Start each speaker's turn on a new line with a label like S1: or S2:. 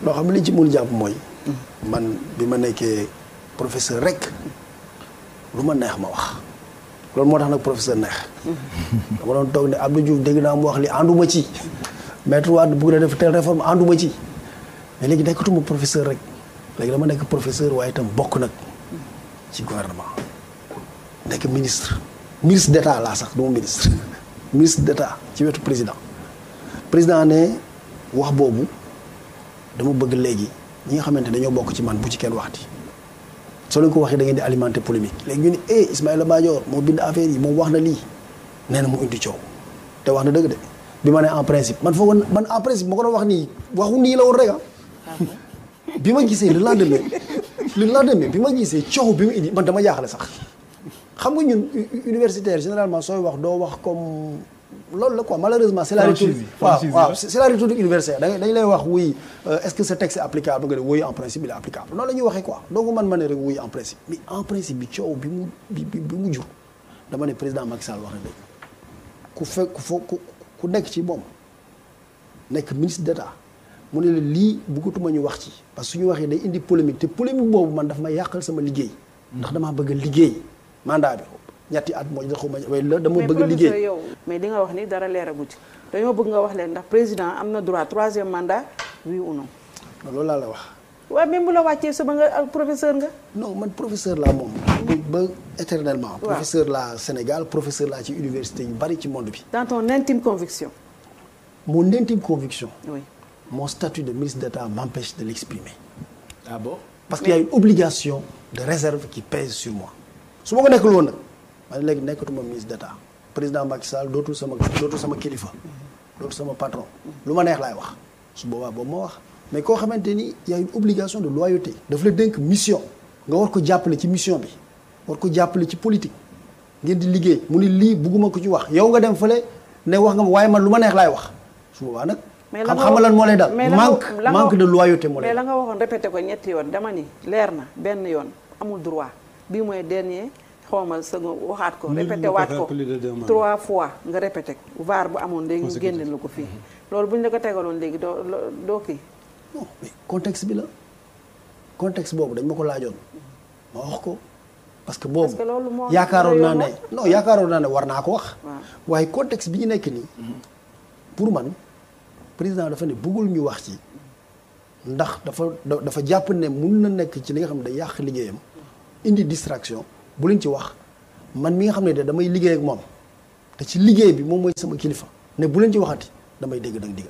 S1: noo xam ne li ci mun jàpp mooy. man bi ma nekkee professeur rek lu ma neex ma wax loolu moo tax nag professeur neex. dama doon toog ne Abdou Diouf dégg naa mu wax li ànduma ci maître Wade bëgg na def telle réforme ànduma ci mais léegi nekkatuma professeur rek léegi dama nekk professeur waaye itam bokk nag ci gouvernement nekk ministre ministre d'état laa sax du ma ministre ministre d'état ci wetu président président ne wax boobu. dama bëgg léegi ñi nga xamante dañoo bokk ci man bu ci kenn waxti soo lañ ko waxee da ngeen di alimenter polémique léegi ñu ne eh Ismaïla Madior moo bind affaire yi moom wax na lii nee na mu indi coow te wax na dëgg de bi ma ne en principe man foofu man en principe ma ko doon wax nii waxu nii la woon rek ah. Ah bi ma gisee le lendemain le lendemain bi ma gisee coow bi mu indi man dama jaaxle sax xam nga ñun universitaire généralement sooy wax doo wax comme. loolu la ko malheureusement c'est la rhétorique waaw waaw c'est dañ lay wax oui euh, est-ce que ce texte est applicable nga ne oui en principe il est applicable noonu la ñuy waxee quoi donc man ma ne rek oui en principe mais en principe bi coow bi mu jur dama ne président Macky Sall wax na ku fekk ku ku nekk ci moom nekk ministre d'État mu ne la lii buggatuma ñu wax ci parce que suñu waxee day indi polémique te polémique boobu man daf ma yàqal sama liggéey ndax dama bëgg liggéey mandat ñetti at moo xaw ma waaye la dama bëgg liggéey yow
S2: mais di nga wax ni dara leeragu ci dañoo bëgg nga wax leen ndax président am na droit troisième mandat loolu
S1: laa la wax. waaw même bu la wàccee suba nga ak professeur nga. no man professeur laa moom. Mm. ba éternellement. professeur laa Sénégal professeur laa ci université yu bari ci monde bi. dans ton
S2: intime conviction.
S1: mon intime conviction. oui mon statut de ministre d'État m'empêche de l'exprimer. d'abord ah parce qu'il y a une obligation de réserve qui pèse sur moi su ma ko nekk loon nag. ma ne léegi nekkatuma ministre d'état président Macky Sall dootul sama dootul sama kilifa dootul sama patron lu ma neex laay wax su boobaa boobu ma wax mais koo xamante ni y a une obligation de loyauté daf la dénk mission nga war ko jàppale ci mission bi war ko jàppale ci politique ngeen di liggéey mu ni lii bugguma ko ci wax yow nga dem fële ne wax nga ma waaye man lu ma neex laay wax su boobaa nag
S2: xam nga lan moo lay dal manque manque de loyauté moo lay la nga waxoon répété ko ñetti yoon dama ni leer na benn yoon amul droit bii xaw ma sa waxaat ko répété waat ko trois fois nga répété ko vaar bu amoon léegi ñu génne la ko fii mhm. loolu bu ñu la ko tegaloon léegi doo doo kii
S1: non bi la contexte boobu dañ ma ko laajoon ma wax ko parce que boobu yaakaaroon naa ne non yaakaaroon naa ne war naa ko wax waaye contexte bi ñu nekk nii mhm. pour man président dafa ne buggul ñu wax ci ndax dafa dafa jàpp ne mun na nekk ci li nga xam ne day yàq liggéeyam indi distraction bu leen ci wax man mi nga xam ne da damay liggéey ak moom te ci liggéey bi moom mooy sama kilifa ne bu leen ci waxat damay dégg dag digal